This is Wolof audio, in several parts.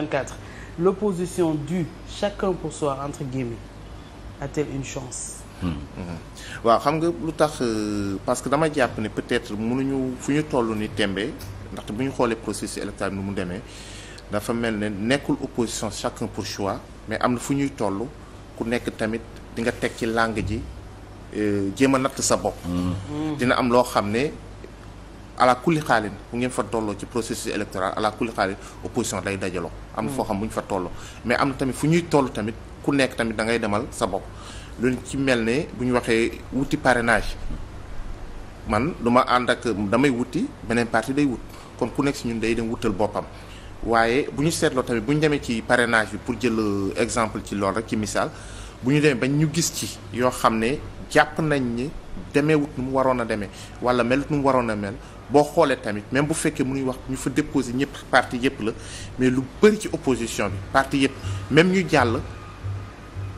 24 l'opposition du chacun pour soi entre guillemets a-t-elle une chance hmm. Hmm. waaw xam nga lu tax euh, parce que dama jàpp ne peut-être mënuñu fu ñu tollu ni tembe ndaxte bu ñu xoolee processus électoral nu mu demee dafa mel ne nekkul opposition chaque pour soi mais am na fu ñuy toll ku nekk tamit di nga teg ci langue ji euh, jéem natt sa bopp hmm. dina am loo xam ne ala kulli xaalin bu ngeen fa tolloo ci processus électoral ala kulli xaalin opposition day dajaloo. am na foo xam bu ñu fa tolloo mais am na tamit fu ñuy toll tamit ku nekk tamit dangay demal sa bopp loolu ci mel ne bu ñu waxee wuti parrainage man du ma ànd ak damay wuti beneen parti day wut kon ku nekk si ñun day dem wutal boppam. waaye bu ñu seetloo tamit bu ñu demee ci parrainage bi pour jël euh, exemple ci lool rek ci misaal bu ñu demee bañ ñu gis ci yoo xam ne jàpp nañ ni demeewut nu mu waroon a demee wala melut nu mu waroon a mel boo xoolee tamit même bu fekkee mu mënuñ wax ñu fa déposé ñëpp parti yëpp la mais lu bëri ci opposition bi parti yëpp même ñu jàll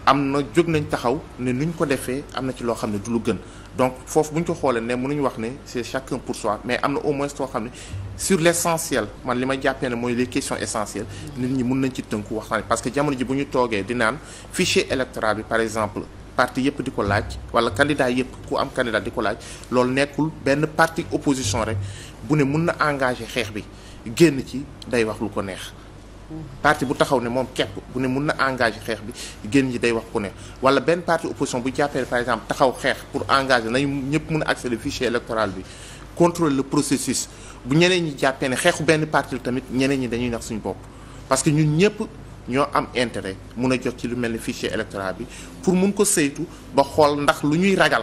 am na jóg nañ taxaw ne nuñ ko defee am na ci loo xam ne du lu gën donc foofu bu ñu ko xoolee ne mënuñ wax ne c'est chacun pour soi mais am na au moins soo xam ne sur l'essentiel man li ma jàppee ne mooy les questions essentielles nit ñi mën nañ ci tënku waxtaan parce que jamono ji bu ñu toogee di naan fichier électoral bi par exemple parti yëpp di ko laaj wala candidat yëpp ku am candidat di ko laaj loolu nekkul benn parti opposition rek bu ne mun na engagé xeex bi génn ci day wax lu ko neex. parti bu taxaw ne moom képp bu ne mun na engagé xeex bi génn ñi day wax ku ne wala benn parti opposition bu jàppee par exemple taxaw xeex pour engager nañu ñëpp mun a accéder fichier électoral bi contrôler le processus bu ñeneen ñi jàppee ne xeexu benn parti tamit ñeneen ñi dañuy nax suñu bopp parce que ñun ñëpp. ñoo am intérêt mun a jot ci lu mel ni fichier électoral bi pour mun ko saytu ba xool ndax lu ñuy ragal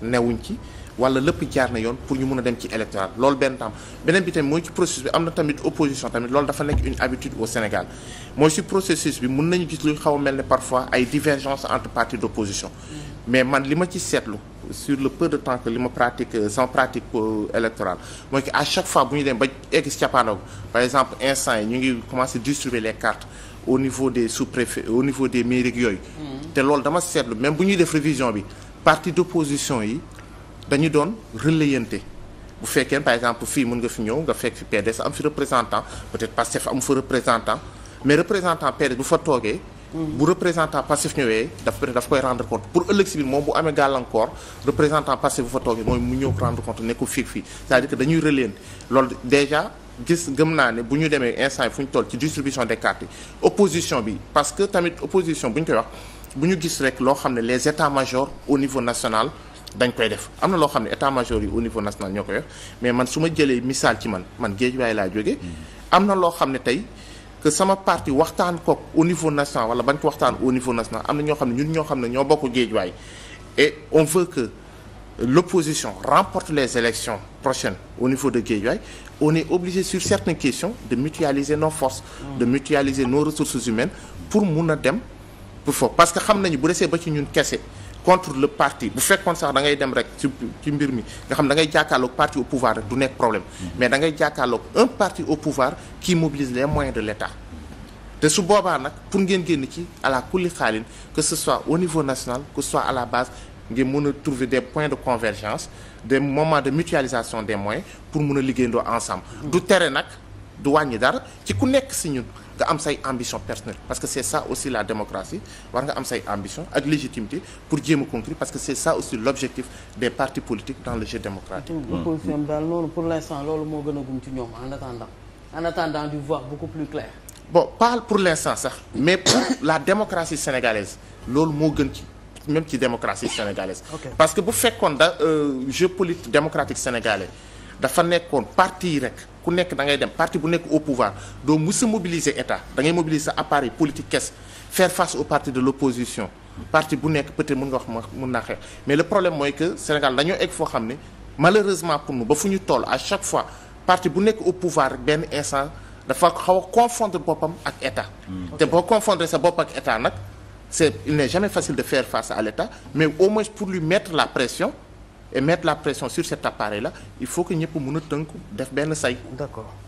newuñ ci wala lépp jaar na yoon pour ñu mun a dem ci électoral lool benn tam beneen bi tamit mooy ci processus bi am na tamit opposition loolu dafa nekk une habitude au Sénégal mooy si processus bi mun nañu gis luy xaw a mel ne parfois ay divergence entre partis d' opposition mais man li ma ci seetlu sur le peu de temps li ma pratique euh, sans pratique euh, électorale mooy que à chaque fois bu ñu dem ba egg si cappaandaw par exemple instant yi ñu ngi commencé distribuer les cartes au niveau des sous-préfets au niveau des mairies yooyu. Mm-hmm. te loolu dama seetlu même bu ñuy def révision bi parti d'opposition yi dañu doon relayante bu fekkee par exemple fii mun nga fi ñëw nga fekk fi PDS am fi représentant peut-être Pastef am fa représentant mais représentant PDS bu fa toogee. Mm-hmm. bu représentant Pastef ñëwee daf daf koy rendre compte pour ëllëg si biir moom bu amee gàllankoor représentant Pastef bu fa toogee mooy mu ñëw rendre compte ne ko fii fii c'est-à-dire que dañuy relayante gis gëm naa ne bu ñu demee instant yi fu ñu toll ci distribution des cartes opposition bi parce que tamit opposition bu ñu koy wax bu ñu gis rek loo xam ne les états majors au niveau national dañ koy def am na loo xam ne état major yi au niveau national ñoo koy def mais man su ma jëlee misaal ci man man Guédiawaye laa jógee mm-hmm. am na loo xam ne tey que sama parti waxtaan kook au niveau national wala bañ ko waxtaan au niveau national am na ñoo xam ne ñun ñoo xam ne ñoo bokk Guédiawaye et on veut que l'opposition les élections prochaines au niveau de Guédiawaye on est obligé sur certaines questions de mutualiser no forces de mutualiser nos ressources humaines pour mun a dem pour foofu parce que xam nañu bu desee ba ci ñun kese contre le parti bu fekkoon sax da ngay dem rek ci ci mbir mi nga xam da ngay jàkkaarloog parti au pouvoir rek du nekk problème mm-hmm. mais da ngay jàkkaarloog un parti au pouvoir qui mobilise les moyens de l'État te su boobaa nag pour ngeen génn ci à la kulli xaalin que ce soit au niveau national que ce soit à la base ngir mun a trouver des points de convergence des moments de mutualisation des moyens pour mën a liggéeyandoo ensemble. du tere nag du wàññi dara ci ku nekk si ñun nga am say ambition personnelle parce que c'est ça aussi la démocratie war nga am say ambition ak légitimité pour jéem a conclure parce que c'est ça aussi l'objectif des partis politiques dans le jeu démocratique. opposition bi daal noonu loolu moo gën a gum ci ñoom en attendant en attendant du voir beaucoup plus clair. bon pas pour l'instant sax mais pour la démocratie sénégalaise loolu moo gën ci. même ci démocratie sénégalaise okay. parce que bu fekkoon da euh, jeu politique démocratique sénégalais dafa nekkoon parti rek ku nekk da ngay dem parti bu nekk au pouvoir doo mus mobiliser état da ngay mobiliser appareil politique kes faire face au parti de l'opposition parti bu nekk peut-être nga wax ma mun naa xeex mais le problème mooy que Sénégal dañoo egg foo xam ne malheureusement pour nous ba fu ñu toll à chaque fois parti bu nekk au pouvoir benn instant dafa xaw a boppam ak état mm. te boo confondre sa bopp ak état nag c'est il n'est jamais facile de faire face à l'État mais au moins pour lui mettre la pression et mettre la pression sur cet appareil là il faut que ñëpp mën a tënku def benn say d'accord